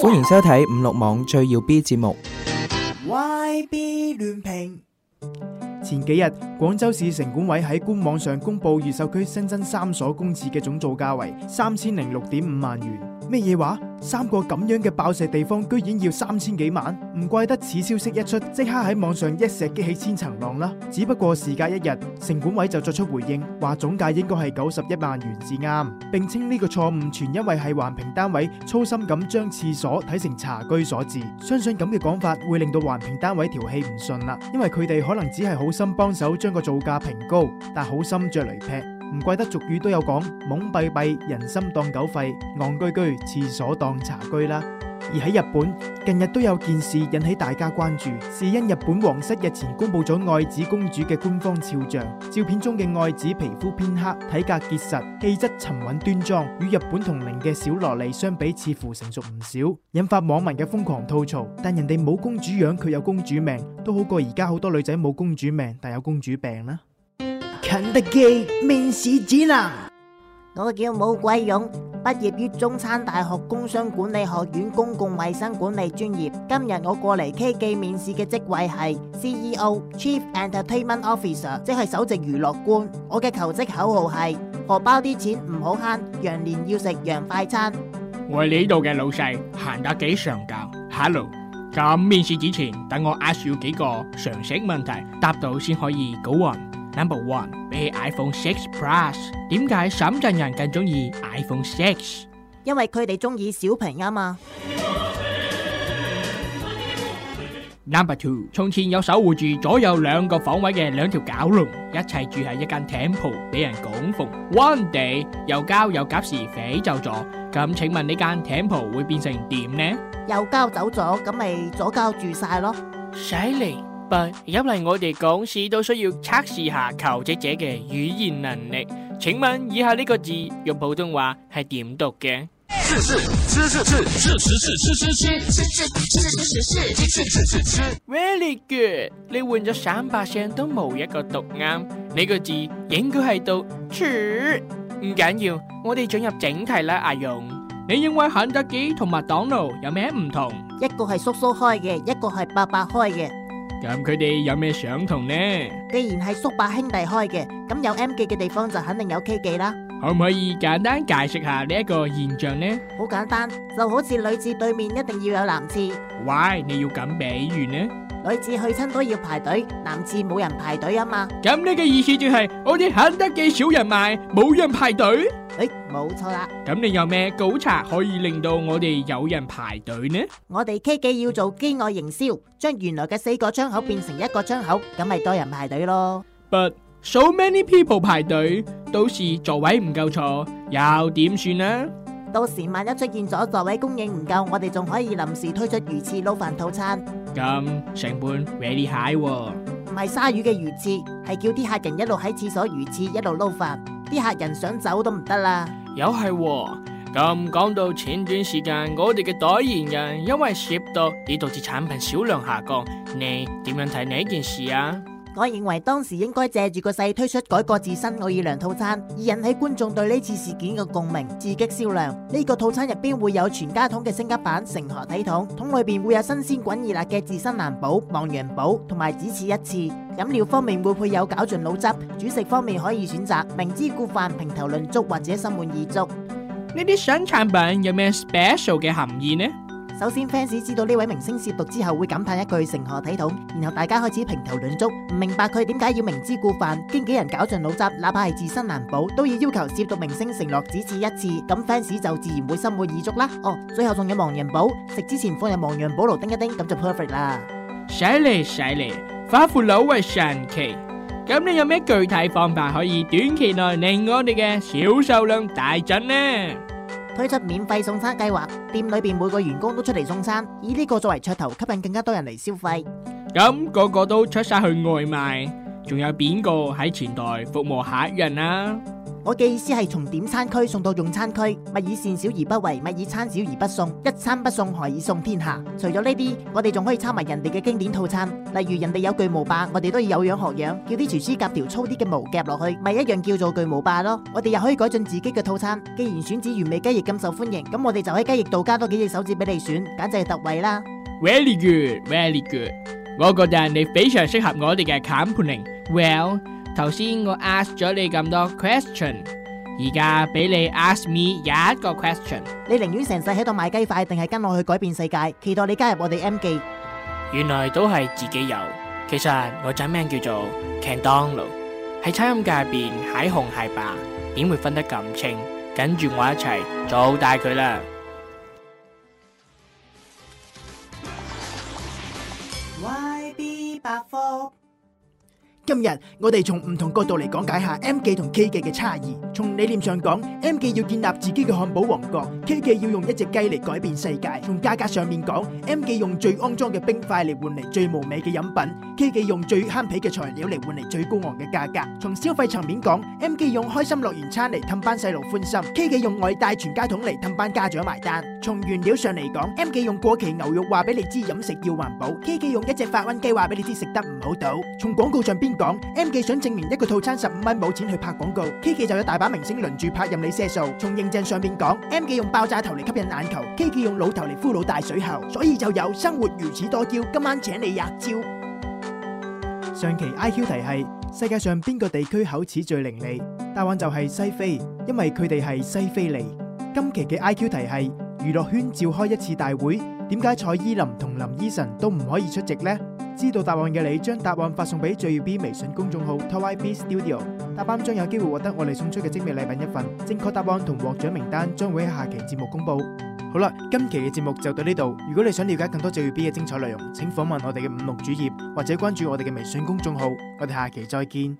歡迎收睇五六網最耀 B 節目。Y B 亂評，前幾日廣州市城管委喺官網上公布越秀區新增三所公廁嘅總造價為三千零六點五萬元。咩嘢話？三個咁樣嘅爆石地方，居然要三千幾萬，唔怪得此消息一出，即刻喺網上一石激起千層浪啦。只不過時隔一日，城管委就作出回應，話總價應該係九十一萬元至啱，並稱呢個錯誤全因為係環評單位粗心咁將廁所睇成茶居所致。相信咁嘅講法會令到環評單位條氣唔順啦，因為佢哋可能只係好心幫手將個造價評高，但好心着雷劈。唔怪得俗語都有講，懵閉閉人心當狗吠，戇居居廁所當茶居啦。而喺日本近日都有件事引起大家關注，是因日本皇室日前公布咗愛子公主嘅官方肖像。照片中嘅愛子皮膚偏黑，體格結實，氣質沉穩端莊，與日本同齡嘅小蘿莉相比，似乎成熟唔少，引發網民嘅瘋狂吐槽。但人哋冇公主樣，佢有公主命，都好過而家好多女仔冇公主命，但有公主病啦。肯德基面試指南，我叫武貴勇，畢業於中山大學工商管理學院公共衛生管理專業。今日我過嚟 K 記面試嘅職位係 C E O Chief Entertainment Officer，即係首席娛樂官。我嘅求職口號係荷包啲錢唔好慳，羊年要食洋快餐。我係呢度嘅老細，行得幾長久。Hello，咁面試之前，等我 ask 你幾個常識問題，答到先可以搞完。Number one。比 iPhone Six Plus 點解深圳人更中意 iPhone Six？因為佢哋中意小平啊嘛。Number two，從前有守護住左右兩個房位嘅兩條蛟龍，一齊住喺一間 temple 俾人供奉。One day，右蛟有急事飛走咗，咁請問呢間 temple 會變成點呢？右蛟走咗，咁咪左蛟住晒咯。犀利。因為，我哋講事都需要測試下求職者嘅語言能力。請問以下呢個字用普通話係點讀嘅？Really good，你換咗三百聲都冇一個讀啱呢個字，應該係讀“恥”。唔緊要，我哋進入整題啦。阿勇，你認為肯德基同麥當勞有咩唔同？一個係叔叔開嘅，一個係爸爸開嘅。咁佢哋有咩相同呢？既然係叔伯兄弟開嘅，咁有 M 記嘅地方就肯定有 K 記啦。可唔可以簡單解釋下呢一個現象呢？好簡單，就好似女廁對面一定要有男廁。喂，你要咁比喻呢？女子去親都要排隊，男廁冇人排隊啊嘛。咁你嘅意思就係我哋肯德基少人賣，冇人排隊。誒，冇錯啦。咁你有咩搞作可以令到我哋有人排隊呢？我哋 K 記要做飢餓營銷，將原來嘅四個窗口變成一個窗口，咁咪多人排隊咯。But，so many people 排隊，到時座位唔夠坐，又點算呢？到時萬一出現咗座位供應唔夠，我哋仲可以臨時推出魚翅撈飯套餐。咁成本 very high 喎。唔係鯊魚嘅魚翅，係叫啲客人一路喺廁所魚翅一路撈飯，啲客人想走都唔得啦。又係，咁講到前段時間我哋嘅代言人因為涉毒而導致產品銷量下降，你點樣睇呢件事啊？我認為當時應該借住個勢推出改過自身奧爾良套餐，以引起觀眾對呢次事件嘅共鳴，刺激銷量。呢、這個套餐入邊會有全家桶嘅升級版成何體統桶，桶裏邊會有新鮮滾熱辣嘅自身難保、望羊寶同埋只此一次。飲料方面會配有攪盡腦汁，主食方面可以選擇明知故犯、評頭論足或者心滿意足。呢啲新產品有咩 special 嘅含義呢？首先 fans 知道呢位明星涉毒之後會感嘆一句成何體統，然後大家開始評頭論足，唔明白佢點解要明知故犯，經紀人搞盡腦汁，哪怕係自身難保都要要求涉毒明星承諾只此一次，咁 fans 就自然會心滿意足啦。哦，最後仲有盲人寶，食之前放入盲人寶爐叮一叮，咁就 perfect 啦。犀利犀利，化腐朽為神奇，咁你有咩具體方法可以短期內令我哋嘅銷售量大增呢？推出免費送餐計劃，店裏邊每個員工都出嚟送餐，以呢個作為噱頭，吸引更多人嚟消費。咁個個都出晒去外賣，仲有邊個喺前台服務客人啊？我嘅意思係從點餐區送到用餐區，勿以善小而不為，勿以餐小而不送，一餐不送何以送天下？除咗呢啲，我哋仲可以抄埋人哋嘅經典套餐，例如人哋有巨無霸，我哋都要有樣學樣，叫啲廚師夾條粗啲嘅毛夾落去，咪一樣叫做巨無霸咯。我哋又可以改進自己嘅套餐，既然選指原味雞翼咁受歡迎，咁我哋就喺雞翼度加多幾隻手指俾你選，簡直係特惠啦。Very good, very good，我覺得你非常適合我哋嘅 company。Well。頭先我 ask 咗你咁多 question，而家俾你 ask me 一個 question。你寧願成世喺度賣雞塊，定係跟我去改變世界？期待你加入我哋 M 記。原來都係自己有。其實我仔名叫做 Candango，喺餐飲界入邊係紅係白，點會分得咁清？跟住我一齊做大佢啦。Y B 八福。今日我哋從唔同角度嚟講解下 M 記同 K 記嘅差異。從理念上講，M 記要建立自己嘅漢堡王國，K 記要用一隻雞嚟改變世界。從價格上面講，M 記用最骯髒嘅冰塊嚟換嚟最無味嘅飲品，K 記用最慳皮嘅材料嚟換嚟最高昂嘅價格。從消費層面講，M 記用開心樂園餐嚟氹班細路歡心，K 記用外帶全家桶嚟氹班家長埋單。從原料上嚟講，M 記用過期牛肉話俾你知飲食要環保，K 記用一隻發瘟雞話俾你知食得唔好倒。從廣告上邊。講 M 記想證明一個套餐十五蚊冇錢去拍廣告，K 記就有大把明星輪住拍任你賒數。從認證上面講，M 記用爆炸頭嚟吸引眼球，K 記用老頭嚟俘虜大水喉，所以就有生活如此多嬌，今晚請你吔照。上期 I Q 題係世界上邊個地區口齒最伶俐，答案就係西非，因為佢哋係西非利。今期嘅 I Q 題係娛樂圈召開一次大會，點解蔡依林同林依晨都唔可以出席呢？知道答案嘅你，將答案發送俾最耀 B 微信公眾號 TOPYBSTUDIO，答啱將有機會獲得我哋送出嘅精美禮品一份。正確答案同獲獎名單將會喺下期節目公布。好啦，今期嘅節目就到呢度。如果你想了解更多最耀 B 嘅精彩內容，請訪問我哋嘅五六主頁或者關注我哋嘅微信公眾號。我哋下期再見。